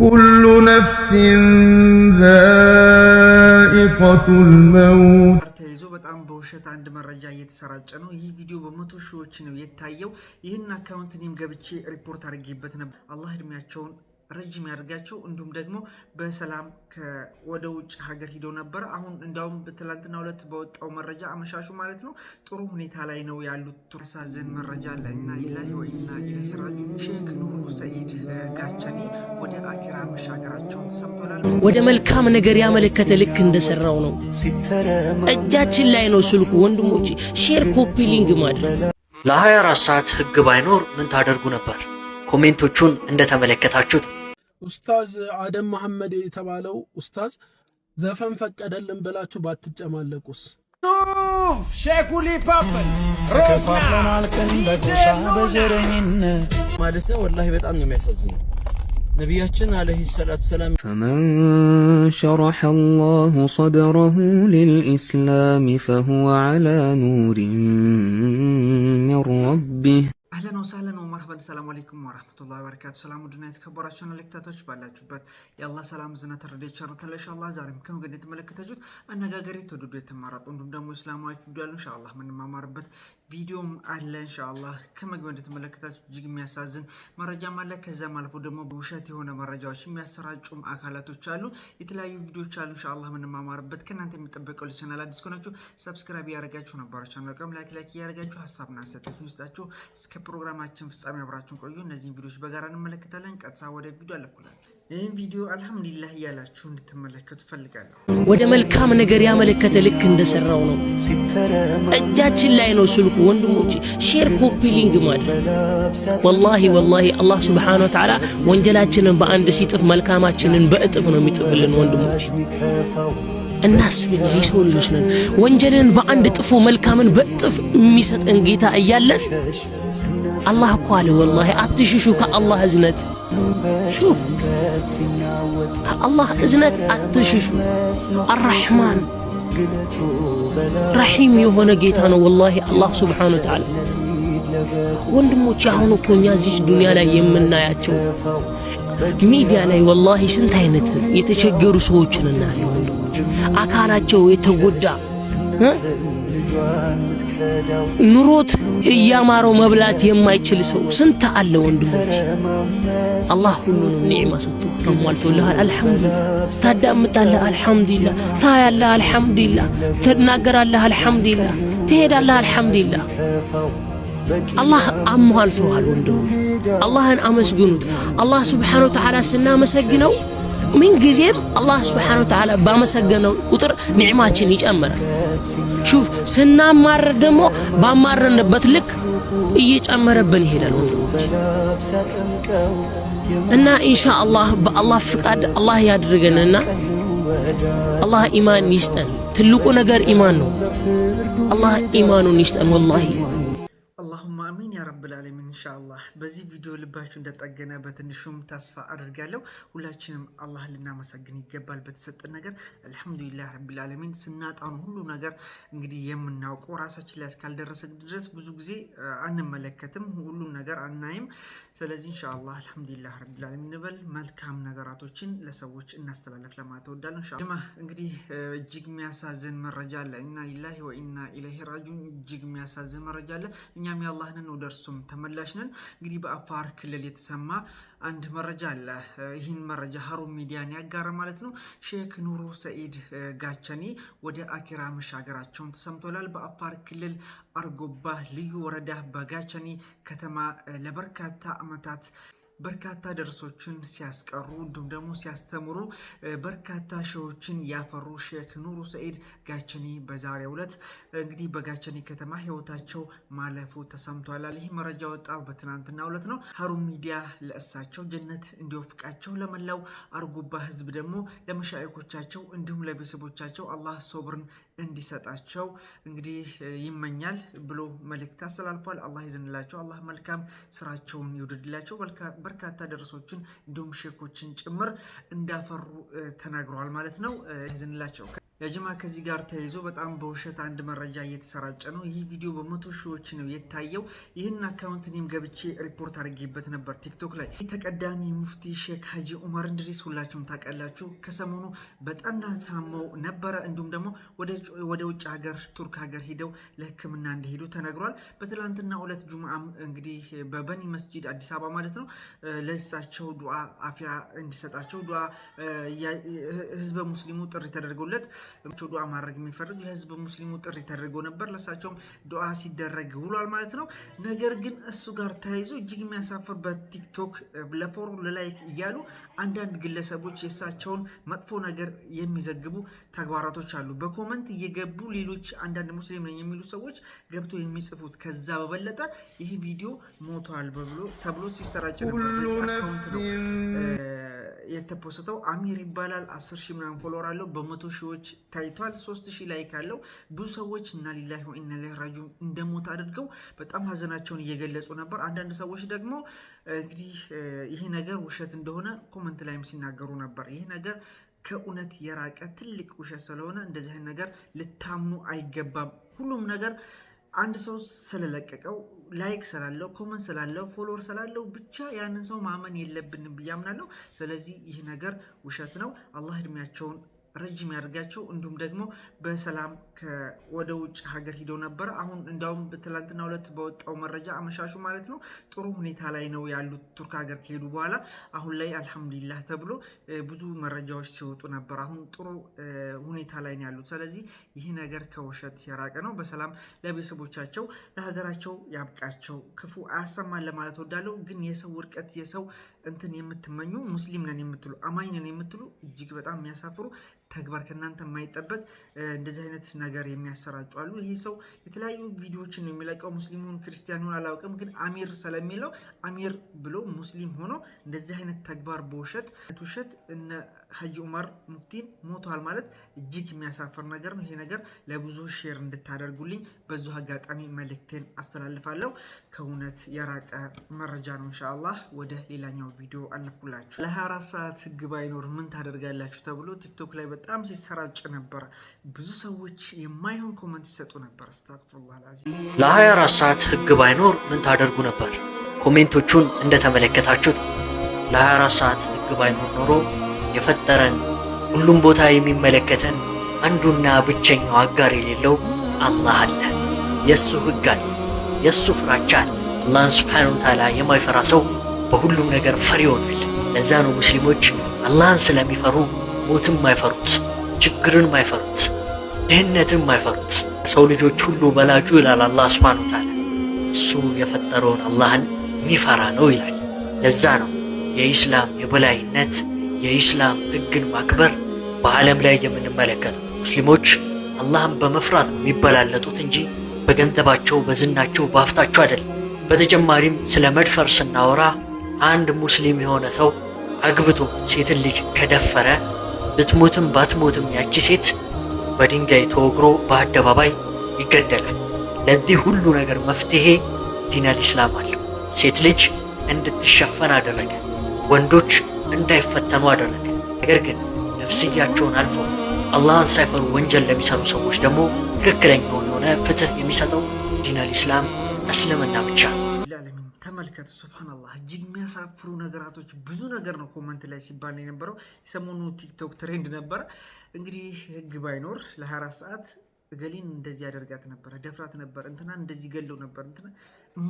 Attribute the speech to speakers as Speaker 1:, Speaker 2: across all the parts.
Speaker 1: ኩሉ ነፍሲን ዛኢቀቱል መውት
Speaker 2: በጣም በውሸት አንድ መረጃ እየተሰራጨ ነው። ይህ ቪዲዮ በመቶ ሺዎች ነው የታየው። ይህን አካውንት እኔም ገብቼ ሪፖርት አድርጌበት ነበር። አላህ እድሜያቸውን ረጅም ያደርጋቸው። እንዲሁም ደግሞ በሰላም ወደ ውጭ ሀገር ሂደው ነበረ። አሁን እንዲያውም ትላንትና ሁለት በወጣው መረጃ አመሻሹ ማለት ነው ጥሩ ሁኔታ ላይ ነው ያሉት። አሳዘን መረጃ ለእና ሊላሂ ወኢና ኢለይሂ ራጂዑን ሼክ ኑሩ ሰኢድ ጋቸኔ አኪራ መሻገራቸውን ሰምቶናል። ወደ መልካም ነገር ያመለከተ ልክ እንደሰራው ነው። እጃችን ላይ ነው ስልኩ። ወንድሞች ሼር፣ ኮፒ ሊንግ ማድረግ ለ24 ሰዓት ህግ ባይኖር ምን ታደርጉ ነበር? ኮሜንቶቹን እንደተመለከታችሁት ኡስታዝ አደም መሐመድ የተባለው ኡስታዝ ዘፈን ፈቀደልን ብላችሁ ባትጨማለቁስ? ተከፋፍለናል ማለት ነው። ወላሂ በጣም ነው የሚያሳዝነው። ነቢያችን አለይሂ ሰላት ሰላም ፈመን ሸረሐ አላሁ ሰድረሁ ሊልኢስላም ፈሁወ ዐላ ኑሪን ሚን ረቢህ አህለን ወሳህለን ወመርሐበን ሰላሙ አለይኩም ወራህመቱላሂ ወበረካቱ። ሰላም ውድና የተከበራችሁ ተመልካቾች ባላችሁበት የአላህ ሰላም ዝናት ረድኤት ቸርነት ኢንሻአላህ ዛሬም ከምግድ የተመለከታችሁት አነጋገሪ ተወደዱ የተማራጡ እንዲሁም ደግሞ እስላማዊ ቪዲዮ ኢንሻአላህ የምንማማርበት ቪዲዮም አለ እንሻአላህ ከመግቢያ እንደተመለከታችሁ እጅግ የሚያሳዝን መረጃም አለ። ከዚያም አልፎ ደግሞ ውሸት የሆነ መረጃዎች የሚያሰራጩም አካላቶች አሉ። የተለያዩ ቪዲዮዎች አሉ እንሻአላህ የምንማማርበት። ከእናንተ የሚጠበቀው ቻናል አዲስ ከሆናችሁ ሰብስክራይብ እያደረጋችሁ ቻናል አናቀም ላይክ ላይክ እያደረጋችሁ ሀሳብና አስተያየት ውስጣችሁ እስከ ፕሮግራማችን ፍጻሜ አብራችሁን ቆዩ። እነዚህን ቪዲዮዎች በጋራ እንመለከታለን። ቀጥሳ ወደ ቪዲዮ አለፍኩላችሁ። ይህን ቪዲዮ አልሐምዱሊላህ እያላችሁ እንድትመለከቱ ፈልጋለሁ። ወደ መልካም ነገር ያመለከተ ልክ እንደሰራው ነው። እጃችን ላይ ነው ስልኩ። ወንድሞች ሼር፣ ኮፒ ሊንግ ማድረግ ወላሂ ወላሂ አላህ ስብሓነሁ ወተዓላ ወንጀላችንን በአንድ ሲጥፍ መልካማችንን በእጥፍ ነው የሚጥፍልን። ወንድሞች እናስብ፣ የሰው ልጆች ነን። ወንጀልን በአንድ ጥፎ መልካምን በእጥፍ የሚሰጠን ጌታ እያለን አላህ እኮ አለ ወላሂ አትሽሹ ከአላህ እዝነት። ሹፍ ከአላህ እዝነት አትሽሹ። አራሕማን ረሒም የሆነ ጌታ ነው ወላሂ አላህ ስብሓነ ወተዓላ። ወንድሞች አሁን እኮ እኛ እዚህ ዱንያ ላይ የምናያቸው ሚዲያ ላይ ወላሂ ስንት አይነት የተቸገሩ ሰዎችን እናያለን። ወንድሞች አካላቸው የተጎዳ ኑሮት እያማረው መብላት የማይችል ሰው ስንት አለ ወንድሞች። አላህ ሁሉንም ኒዕማ ሰጥቶ አሟልቶልሃል። አልሐምዱሊላ ታዳምጣለህ፣ አልሐምዱሊላ ታያለህ፣ አልሐምዱሊላ ትናገራለህ፣ አልሐምዱሊላ ትሄዳለህ፣ አልሐምዱሊላ አላህ አሟልቶሃል ወንድሙ። አላህን አመስግኑት። አላህ ስብሓነ ወተዓላ ስናመሰግነው ምን ጊዜም አላህ ስብሓነ ወተዓላ ባመሰገነው ቁጥር ኒዕማችን ይጨምራል። ሹፍ ስናማረር ደግሞ ባማረንበት ልክ እየጨመረብን ይሄዳል እና ኢንሻአላህ በአላህ ፍቃድ አላህ ያድርገንና አላህ ኢማን ይስጠን። ትልቁ ነገር ኢማን ነው። አላህ ኢማኑን ይስጠን ወላሂ አሚን ረብ ልዓለሚን። ኢንሻአላህ። በዚህ ቪዲዮ ልባችሁ እንደጠገነ በትንሹም ተስፋ አድርጋለሁ። ሁላችንም አላህ ልናመሰግን ይገባል በተሰጠን ነገር። አልሐምዱሊላህ ረብ ልዓለሚን። ስናጣን ሁሉ ነገር እንግዲህ የምናውቀው ራሳችን ላይ እስካልደረሰ ድረስ ብዙ ጊዜ አንመለከትም፣ ሁሉም ነገር አናይም። ስለዚህ ኢንሻአላህ አልሐምዱሊላህ ረቢል ዓለሚን እንበል። መልካም ነገራቶችን ለሰዎች እናስተላለፍ ለማለት እወዳለሁ። ጅማ እንግዲህ እጅግ የሚያሳዝን መረጃ አለ። ኢና ሊላሂ ወኢና ኢለይሂ ራጂዑን። እጅግ የሚያሳዝን መረጃ አለ። እኛም የአላህ ነን፣ ወደ እርሱም ተመላሽ ነን። እንግዲህ በአፋር ክልል የተሰማ አንድ መረጃ አለ። ይህን መረጃ ሀሩን ሚዲያን ያጋረ ማለት ነው። ሼክ ኑሩ ሰኢድ ጋቸኒ ወደ አኪራ መሻገራቸውን ተሰምቶላል። በአፋር ክልል አርጎባ ልዩ ወረዳ በጋቸኒ ከተማ ለበርካታ ዓመታት በርካታ ደርሶችን ሲያስቀሩ እንዲሁም ደግሞ ሲያስተምሩ በርካታ ሸዎችን ያፈሩ ሼክ ኑሩ ሰኢድ ጋቸኔ በዛሬው ዕለት እንግዲህ በጋቸኔ ከተማ ህይወታቸው ማለፉ ተሰምቷላል። ይህ መረጃ ወጣ በትናንትናው ዕለት ነው። ሀሩን ሚዲያ ለእሳቸው ጀነት እንዲወፍቃቸው ለመላው አርጎባ ህዝብ ደግሞ ለመሻይኮቻቸው እንዲሁም ለቤተሰቦቻቸው አላህ ሶብርን እንዲሰጣቸው እንግዲህ ይመኛል ብሎ መልእክት አስተላልፏል። አላህ ይዘንላቸው፣ አላህ መልካም ስራቸውን ይውደድላቸው። በርካታ ደረሶችን እንዲሁም ሼኮችን ጭምር እንዳፈሩ ተናግረዋል ማለት ነው ይዝንላቸው ያጅማ ከዚህ ጋር ተያይዞ በጣም በውሸት አንድ መረጃ እየተሰራጨ ነው። ይህ ቪዲዮ በመቶ ሺዎች ነው የታየው። ይህን አካውንት እኔም ገብቼ ሪፖርት አድርጌበት ነበር ቲክቶክ ላይ። ይህ ተቀዳሚ ሙፍቲ ሼክ ሀጂ ኡመር እንድሪስ ሁላችሁም ታውቃላችሁ። ከሰሞኑ በጠና ታመው ነበረ። እንዲሁም ደግሞ ወደ ውጭ ሀገር ቱርክ ሀገር ሂደው ለሕክምና እንደሄዱ ተነግሯል። በትላንትና ሁለት ጁምዓም እንግዲህ በበኒ መስጂድ አዲስ አበባ ማለት ነው ለእሳቸው ዱዓ አፊያ እንዲሰጣቸው ዱዓ ህዝበ ሙስሊሙ ጥሪ ተደርጎለት ዱዓ ማድረግ የሚፈልግ ለህዝብ ሙስሊሙ ጥሪ ተደርጎ ነበር። ለእሳቸውም ዱዓ ሲደረግ ውሏል ማለት ነው። ነገር ግን እሱ ጋር ተያይዞ እጅግ የሚያሳፍር በቲክቶክ ለፎሩ ለላይክ እያሉ አንዳንድ ግለሰቦች የእሳቸውን መጥፎ ነገር የሚዘግቡ ተግባራቶች አሉ። በኮመንት እየገቡ ሌሎች አንዳንድ ሙስሊም ነኝ የሚሉ ሰዎች ገብቶ የሚጽፉት ከዛ በበለጠ ይህ ቪዲዮ ሞቷል ተብሎ ሲሰራጭ ነበር። አካውንት ነው የተፖሰተው አሚር ይባላል። አስር ሺህ ምናምን ፎሎወር አለው። በመቶ ሺዎች ታይቷል። ሶስት ሺህ ላይክ አለው። ብዙ ሰዎች እና ሊላሂ ወኢና ኢለይሂ ራጂዑን እንደሞት አድርገው በጣም ሀዘናቸውን እየገለጹ ነበር። አንዳንድ ሰዎች ደግሞ እንግዲህ ይህ ነገር ውሸት እንደሆነ ኮመንት ላይም ሲናገሩ ነበር። ይህ ነገር ከእውነት የራቀ ትልቅ ውሸት ስለሆነ እንደዚህ ነገር ልታምኑ አይገባም። ሁሉም ነገር አንድ ሰው ስለለቀቀው ላይክ ስላለው ኮመንት ስላለው ፎሎወር ስላለው ብቻ ያንን ሰው ማመን የለብንም ብዬ አምናለሁ። ስለዚህ ይህ ነገር ውሸት ነው። አላህ እድሜያቸውን ረጅም ያደርጋቸው። እንዲሁም ደግሞ በሰላም ወደ ውጭ ሀገር ሂደው ነበረ። አሁን እንዲያውም ትላንትና ሁለት በወጣው መረጃ አመሻሹ ማለት ነው ጥሩ ሁኔታ ላይ ነው ያሉት ቱርክ ሀገር ከሄዱ በኋላ አሁን ላይ አልሐምዱሊላህ ተብሎ ብዙ መረጃዎች ሲወጡ ነበር። አሁን ጥሩ ሁኔታ ላይ ነው ያሉት። ስለዚህ ይህ ነገር ከውሸት የራቀ ነው። በሰላም ለቤተሰቦቻቸው ለሀገራቸው ያብቃቸው፣ ክፉ አያሰማን ለማለት ወዳለው ግን የሰው ውርቀት የሰው እንትን የምትመኙ ሙስሊም ነን የምትሉ አማኝ ነን የምትሉ እጅግ በጣም የሚያሳፍሩ ተግባር ከእናንተ የማይጠበቅ እንደዚህ አይነት ነገር የሚያሰራጩ አሉ። ይሄ ሰው የተለያዩ ቪዲዮዎችን ነው የሚለቀው። ሙስሊሙን ክርስቲያኑን አላውቅም፣ ግን አሚር ስለሚለው አሚር ብሎ ሙስሊም ሆኖ እንደዚህ አይነት ተግባር በውሸት ውሸት እነ ሀጂ ኡመር ሙፍቲን ሞቷል ማለት እጅግ የሚያሳፍር ነገር ነው። ይሄ ነገር ለብዙ ሼር እንድታደርጉልኝ በዙ አጋጣሚ መልእክቴን አስተላልፋለሁ። ከእውነት የራቀ መረጃ ነው። እንሻ አላህ ወደ ሌላኛው ቪዲዮ አለፍኩላችሁ። ለ24 ሰዓት ህግ ባይኖር ምን ታደርጋላችሁ ተብሎ ቲክቶክ ላይ በጣም ሲሰራጭ ነበር። ብዙ ሰዎች የማይሆን ኮመንት ሲሰጡ ነበር። ለ24 ሰዓት ህግ ባይኖር ምን ታደርጉ ነበር? ኮሜንቶቹን እንደተመለከታችሁት ለ24 ሰዓት ህግ ባይኖር ኖሮ የፈጠረን ሁሉም ቦታ የሚመለከተን አንዱና ብቸኛው አጋር የሌለው አላህ አለ። የእሱ ህግ አለ። የእሱ ፍራቻ አለ። አላህን ስብሓነሁ ወተዓላ የማይፈራ ሰው በሁሉም ነገር ፈሪ ይሆናል። ለዛ ነው ሙስሊሞች አላህን ስለሚፈሩ ሞትም ማይፈሩት፣ ችግርን ማይፈሩት፣ ድህነትን ማይፈሩት። ሰው ልጆች ሁሉ በላጩ ይላል አላህ ሱብሓነሁ ወተዓላ። እሱ የፈጠረውን አላህን የሚፈራ ነው ይላል። ለዛ ነው የኢስላም የበላይነት የኢስላም ህግን ማክበር በዓለም ላይ የምንመለከተው። ሙስሊሞች አላህን በመፍራት ነው የሚበላለጡት እንጂ በገንዘባቸው፣ በዝናቸው፣ በሀፍታቸው አይደለም። በተጨማሪም ስለ መድፈር ስናወራ አንድ ሙስሊም የሆነ ሰው አግብቶ ሴትን ልጅ ከደፈረ ብትሞትም ባትሞትም ያቺ ሴት በድንጋይ ተወግሮ በአደባባይ ይገደላል። ለዚህ ሁሉ ነገር መፍትሄ ዲነል ኢስላም አለው። ሴት ልጅ እንድትሸፈን አደረገ፣ ወንዶች እንዳይፈተኑ አደረገ። ነገር ግን ነፍስያቸውን አልፈው አላህን ሳይፈሩ ወንጀል ለሚሰሩ ሰዎች ደግሞ ትክክለኛውን የሆነ ፍትህ የሚሰጠው ዲነል ኢስላም እስልምና ብቻ ነው። ተመልከቱ። ሱብሃነላህ እጅግ የሚያሳፍሩ ነገራቶች ብዙ ነገር ነው ኮመንት ላይ ሲባል የነበረው። የሰሞኑ ቲክቶክ ትሬንድ ነበረ እንግዲህ ህግ ባይኖር ለ24 ሰዓት እገሌን እንደዚህ ያደርጋት ነበር፣ ደፍራት ነበር፣ እንትና እንደዚህ ገለው ነበር፣ እንትና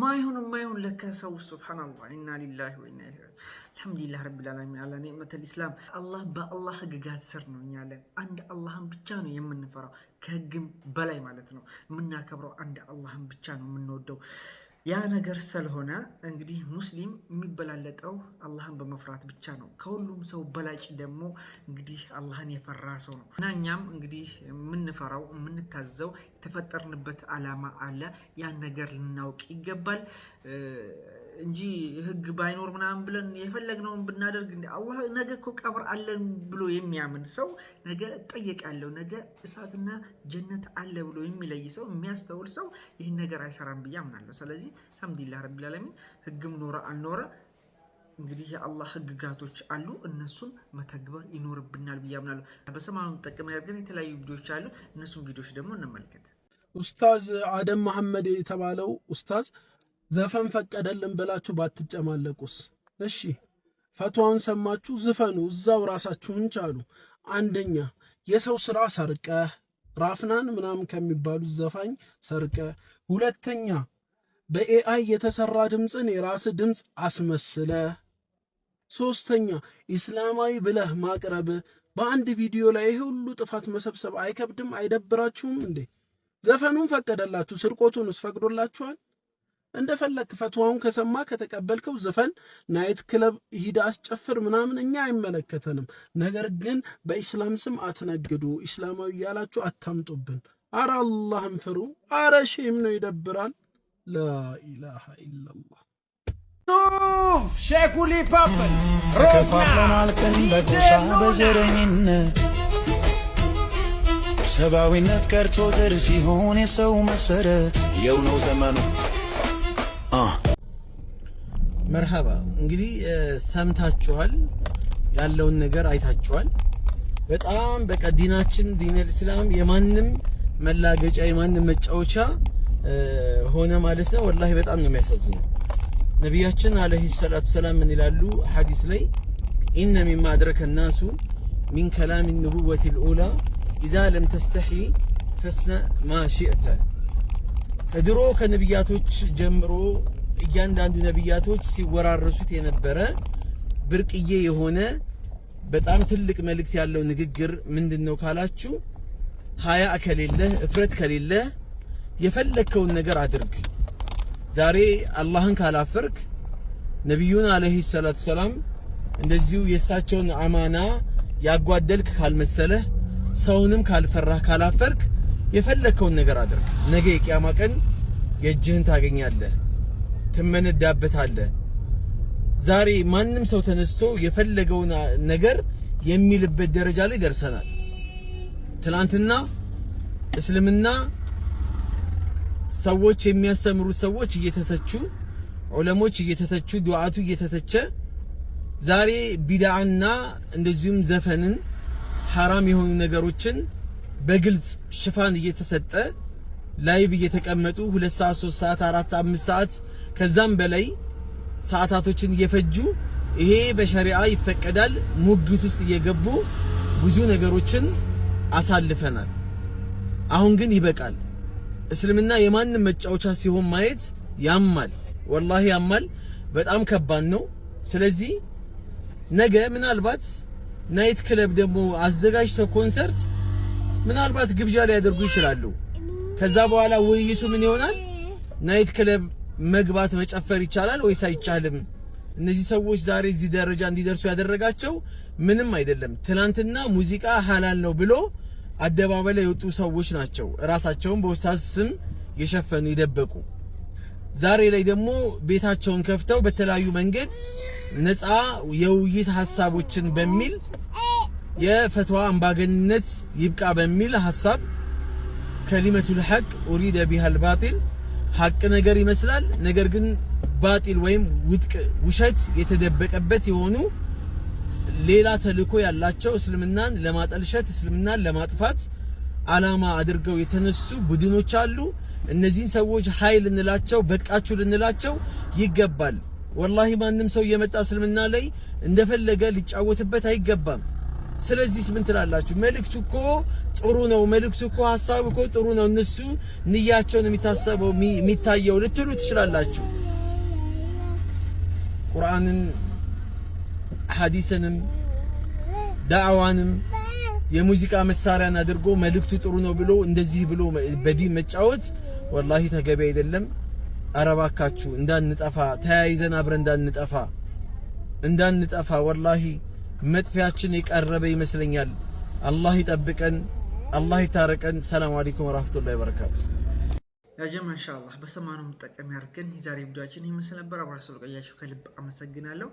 Speaker 2: ማይሆን ማይሆን ለካ ሰው ሱብሃነላህ። ኢና ሊላሂ ወኢና ኢለይሂ ራጂዑን። አልሐምዱሊላህ ረቢል ዓለሚን አላ ኒዕመቲል ኢስላም። አላህ በአላህ ህግጋት ስር ነው እኛ ያለን። አንድ አላህን ብቻ ነው የምንፈራው፣ ከህግም በላይ ማለት ነው። የምናከብረው አንድ አላህን ብቻ ነው የምንወደው። ያ ነገር ስለሆነ እንግዲህ ሙስሊም የሚበላለጠው አላህን በመፍራት ብቻ ነው። ከሁሉም ሰው በላጭ ደግሞ እንግዲህ አላህን የፈራ ሰው ነው እና እኛም እንግዲህ የምንፈራው የምንታዘው የተፈጠርንበት ዓላማ አለ። ያን ነገር ልናውቅ ይገባል። እንጂ ህግ ባይኖር ምናምን ብለን የፈለግነውን ብናደርግ አላህ ነገ እኮ ቀብር አለን ብሎ የሚያምን ሰው ነገ እጠየቃለሁ፣ ነገ እሳትና ጀነት አለ ብሎ የሚለይ ሰው የሚያስተውል ሰው ይህን ነገር አይሰራም ብዬ አምናለሁ። ስለዚህ አልሐምዱሊላህ ረቢል ዓለሚን ህግም ኖረ አልኖረ እንግዲህ የአላህ ህግጋቶች አሉ። እነሱን መተግበር ይኖርብናል ብዬ አምናለሁ። በሰማኑ ጠቅመ ያርገን የተለያዩ ቪዲዮዎች አሉ። እነሱን ቪዲዮዎች ደግሞ እንመልከት። ኡስታዝ አደም መሐመድ የተባለው ኡስታዝ ዘፈን ፈቀደልን ብላችሁ ባትጨማለቁስ? እሺ ፈቷውን ሰማችሁ፣ ዝፈኑ፣ እዛው ራሳችሁን ቻሉ። አንደኛ የሰው ስራ ሰርቀህ ራፍናን ምናምን ከሚባሉት ዘፋኝ ሰርቀ፣ ሁለተኛ በኤአይ የተሰራ ድምፅን የራስ ድምፅ አስመስለ፣ ሶስተኛ ኢስላማዊ ብለህ ማቅረብ። በአንድ ቪዲዮ ላይ ሁሉ ጥፋት መሰብሰብ አይከብድም? አይደብራችሁም እንዴ? ዘፈኑን ፈቀደላችሁ፣ ስርቆቱንስ ፈቅዶላችኋል? እንደፈለግ ፈትዋውን ከሰማ ከተቀበልከው ዘፈን ናይት ክለብ ሂድ አስጨፍር ምናምን እኛ አይመለከተንም። ነገር ግን በኢስላም ስም አትነግዱ፣ ኢስላማዊ እያላችሁ አታምጡብን። አረ አላህን ፍሩ። አረ ሼም ነው ይደብራል። ላኢላሃ ኢላላህ ተከፋፍለናል በጎሳ በዘረኝነት ሰብአዊነት ቀርቶ ዘር ሲሆን የሰው መሰረት የው ነው ዘመኑ መርሃባ እንግዲህ ሰምታችኋል፣ ያለውን ነገር አይታችኋል። በጣም በቃ ዲናችን ዲን አልኢስላም የማንም መላገጫ የማንም መጫወቻ ሆነ ማለት ነው። ወላሂ በጣም ነው የሚያሳዝነው። ነቢያችን አለይሂ ሰላቱ ሰላም ምን ይላሉ ሐዲስ ላይ ኢነ ሚማ አድረከ الناس من كلام النبوة الاولى اذا لم تستحي ፈስነ ما شئت ከድሮ ከነቢያቶች ጀምሮ እያንዳንዱ ነቢያቶች ሲወራረሱት የነበረ ብርቅዬ የሆነ በጣም ትልቅ መልእክት ያለው ንግግር ምንድን ነው ካላችሁ፣ ሀያ ከሌለ እፍረት ከሌለ የፈለግከውን ነገር አድርግ። ዛሬ አላህን ካላፈርክ ነቢዩን አለይሂ ሰላቱ ሰላም እንደዚሁ የእሳቸውን አማና ያጓደልክ ካልመሰለህ ሰውንም ካልፈራህ ካላፈርክ የፈለግከውን ነገር አድርግ። ነገ የቂያማ ቀን የእጅህን ታገኛለህ። ትመነዳበታለ ዛሬ ማንም ሰው ተነስቶ የፈለገውን ነገር የሚልበት ደረጃ ላይ ደርሰናል። ትናንትና እስልምና ሰዎች የሚያስተምሩት ሰዎች እየተተቹ ዑለሞች እየተተቹ ዱዓቱ እየተተቸ ዛሬ ቢድዓና እንደዚሁም ዘፈንን ሐራም የሆኑ ነገሮችን በግልጽ ሽፋን እየተሰጠ ላይቭ እየተቀመጡ ሁለት ሰዓት ሶስት ሰዓት አራት አምስት ሰዓት ከዛም በላይ ሰዓታቶችን እየፈጁ ይሄ በሸሪዓ ይፈቀዳል ሙግት ውስጥ እየገቡ ብዙ ነገሮችን አሳልፈናል። አሁን ግን ይበቃል። እስልምና የማንም መጫወቻ ሲሆን ማየት ያማል፣ ወላሂ ያማል። በጣም ከባድ ነው። ስለዚህ ነገ ምናልባት ናይት ክለብ ደግሞ አዘጋጅተው ኮንሰርት ምናልባት ግብዣ ሊያደርጉ ይችላሉ። ከዛ በኋላ ውይይቱ ምን ይሆናል? ናይት ክለብ መግባት መጨፈር ይቻላል ወይስ አይቻልም? እነዚህ ሰዎች ዛሬ እዚህ ደረጃ እንዲደርሱ ያደረጋቸው ምንም አይደለም። ትናንትና ሙዚቃ ሀላል ነው ብሎ አደባባይ ላይ የወጡ ሰዎች ናቸው። እራሳቸውን በኡስታዝ ስም የሸፈኑ የደበቁ፣ ዛሬ ላይ ደግሞ ቤታቸውን ከፍተው በተለያዩ መንገድ ነፃ የውይይት ሀሳቦችን በሚል የፈትዋ አምባገንነት ይብቃ በሚል ሀሳብ ከሊመቱል ሐቅ ኡሪደ ቢሃል ባጢል ሐቅ ነገር ይመስላል፣ ነገር ግን ባጢል ወይም ውድቅ ውሸት የተደበቀበት የሆኑ ሌላ ተልእኮ ያላቸው እስልምናን ለማጠልሸት እስልምናን ለማጥፋት አላማ አድርገው የተነሱ ቡድኖች አሉ። እነዚህን ሰዎች ኃይል ልንላቸው በቃችሁ ልንላቸው ይገባል። ወላሂ ማንም ሰው እየመጣ እስልምና ላይ እንደፈለገ ሊጫወትበት አይገባም። ስለዚህ ምን ትላላችሁ? መልእክቱ እኮ ጥሩ ነው። መልእክቱ እኮ ሀሳብ እኮ ጥሩ ነው። እነሱ ንያቸውን የሚታሰበው የሚታየው ልትሉ ትችላላችሁ። ቁርአንን ሐዲስንም ዳዕዋንም የሙዚቃ መሳሪያን አድርጎ መልእክቱ ጥሩ ነው ብሎ እንደዚህ ብሎ በዲን መጫወት ወላሂ ተገቢ አይደለም። አረባካችሁ እንዳንጠፋ ተያይዘን አብረን እንዳንጠፋ እንዳንጠፋ ወላሂ መጥፊያችን የቀረበ ይመስለኛል። አላህ ይጠብቀን፣ አላህ ይታረቀን። ሰላም አለይኩም ወራህመቱላሂ ወበረካቱ። ያጀም ኢንሻአላህ በሰማኑ መጠቀም ያድርገን። የዛሬ ቪዲዮአችን ይህ መስል ነበር። አብራችሁ ስለቆያችሁ ከልብ አመሰግናለሁ።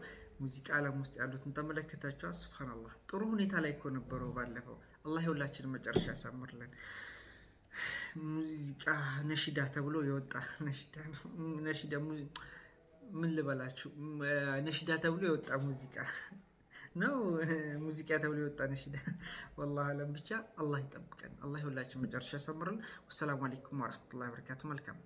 Speaker 2: ሙዚቃ ዓለም ውስጥ ያሉትን ተመለከታችኋል። ሱብሃንአላህ ጥሩ ሁኔታ ላይ እኮ ነበረው ባለፈው። አላህ የሁላችንን መጨረሻ ያሳምርልን። ሙዚቃ ነሺዳ ተብሎ የወጣ ነሺዳ ነው። ነሺዳ ምን ልበላችሁ፣ ነሺዳ ተብሎ የወጣ ሙዚቃ ነው ሙዚቃ ተብሎ የወጣን ሽ ወላሂ አለም ብቻ አላህ ይጠብቀን። አላህ የሁላችን መጨረሻ ያሳምርልን። ወሰላሙ አለይኩም ወረህመቱላሂ ወበረካቱ። መልካም